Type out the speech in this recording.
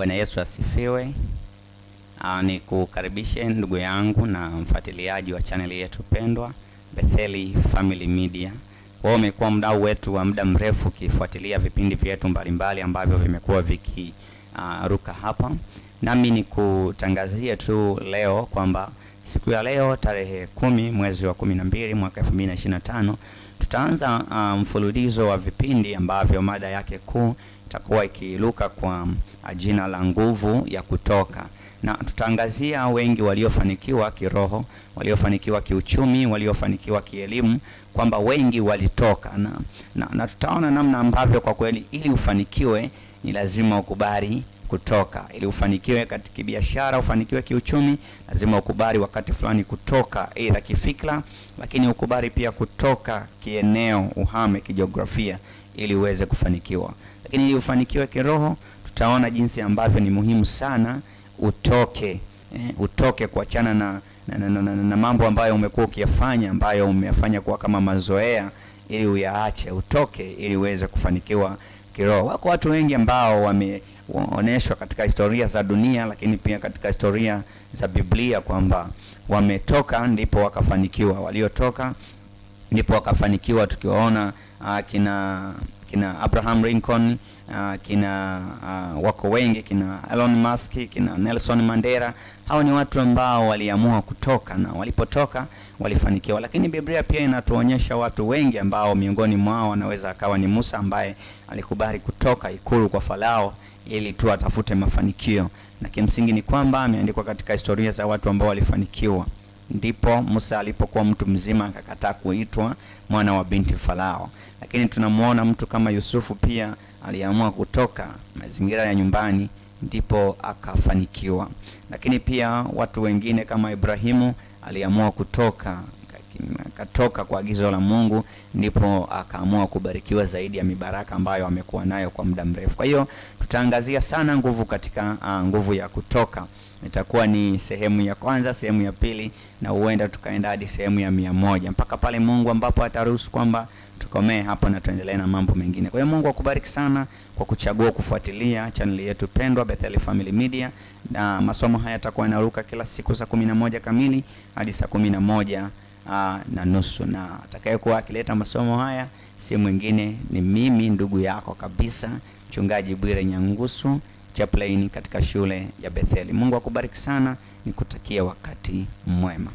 Bwana Yesu asifiwe. Ah, Ni kukaribishe ndugu yangu na mfuatiliaji wa chaneli yetu pendwa Betheli Family Media. Wao umekuwa mdau wetu wa muda mrefu ukifuatilia vipindi vyetu mbalimbali ambavyo vimekuwa vikiruka ah, uh, hapa Nami ni kutangazie tu leo kwamba siku ya leo tarehe kumi mwezi wa kumi na mbili mwaka 2025 tutaanza uh, mfululizo wa vipindi ambavyo mada yake kuu itakuwa ikiiluka kwa um, jina la nguvu ya kutoka, na tutaangazia wengi waliofanikiwa kiroho, waliofanikiwa kiuchumi, waliofanikiwa kielimu, kwamba wengi walitoka na, na, na tutaona namna ambavyo kwa kweli ili ufanikiwe ni lazima ukubali kutoka. Ili ufanikiwe katika biashara, ufanikiwe kiuchumi, lazima ukubali wakati fulani kutoka, aidha kifikra, lakini ukubali pia kutoka kieneo, uhame kijiografia, ili uweze kufanikiwa. Lakini ili ufanikiwe kiroho, tutaona jinsi ambavyo ni muhimu sana utoke eh, utoke kuachana na na, na, na, na, na mambo ambayo umekuwa ukiyafanya ambayo umeyafanya kuwa kama mazoea, ili uyaache, utoke ili uweze kufanikiwa kiroho. Wako watu wengi ambao wame kuoneshwa katika historia za dunia, lakini pia katika historia za Biblia kwamba wametoka ndipo wakafanikiwa, waliotoka ndipo wakafanikiwa, tukiwaona ah, kina kina Abraham Lincoln uh, kina uh, wako wengi kina Elon Musk kina Nelson Mandela. Hao ni watu ambao waliamua kutoka na walipotoka walifanikiwa, lakini Biblia pia inatuonyesha watu wengi ambao miongoni mwao anaweza akawa ni Musa ambaye alikubali kutoka ikulu kwa Farao ili tu atafute mafanikio, na kimsingi ni kwamba ameandikwa katika historia za watu ambao walifanikiwa ndipo Musa alipokuwa mtu mzima akakataa kuitwa mwana wa binti Farao. Lakini tunamwona mtu kama Yusufu pia aliamua kutoka mazingira ya nyumbani ndipo akafanikiwa. Lakini pia watu wengine kama Ibrahimu aliamua kutoka akatoka kwa agizo la Mungu, ndipo akaamua kubarikiwa zaidi ya mibaraka ambayo amekuwa nayo kwa muda mrefu. Kwa hiyo tutaangazia sana nguvu katika uh, nguvu ya kutoka. Itakuwa ni sehemu ya kwanza, sehemu ya pili, na huenda tukaenda hadi sehemu ya mia moja mpaka pale Mungu ambapo ataruhusu kwamba tukomee hapo na tuendelee na mambo mengine. Kwa hiyo Mungu akubariki sana kwa kuchagua kufuatilia chaneli yetu pendwa Bethel Family Media, na masomo haya yatakuwa yanaruka kila siku saa 11 kamili hadi saa 11 na nusu, na atakayekuwa akileta masomo haya si mwingine ni mimi ndugu yako kabisa Mchungaji Bwire Nyangusu chaplain katika shule ya Betheli. Mungu akubariki sana, nikutakia wakati mwema.